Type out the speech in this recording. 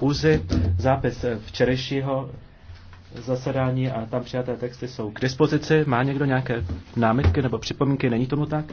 schůzi. Zápis eh, včerejšího zasedání a tam přijaté texty jsou k dispozici. Má někdo nějaké námitky nebo připomínky? Není tomu tak?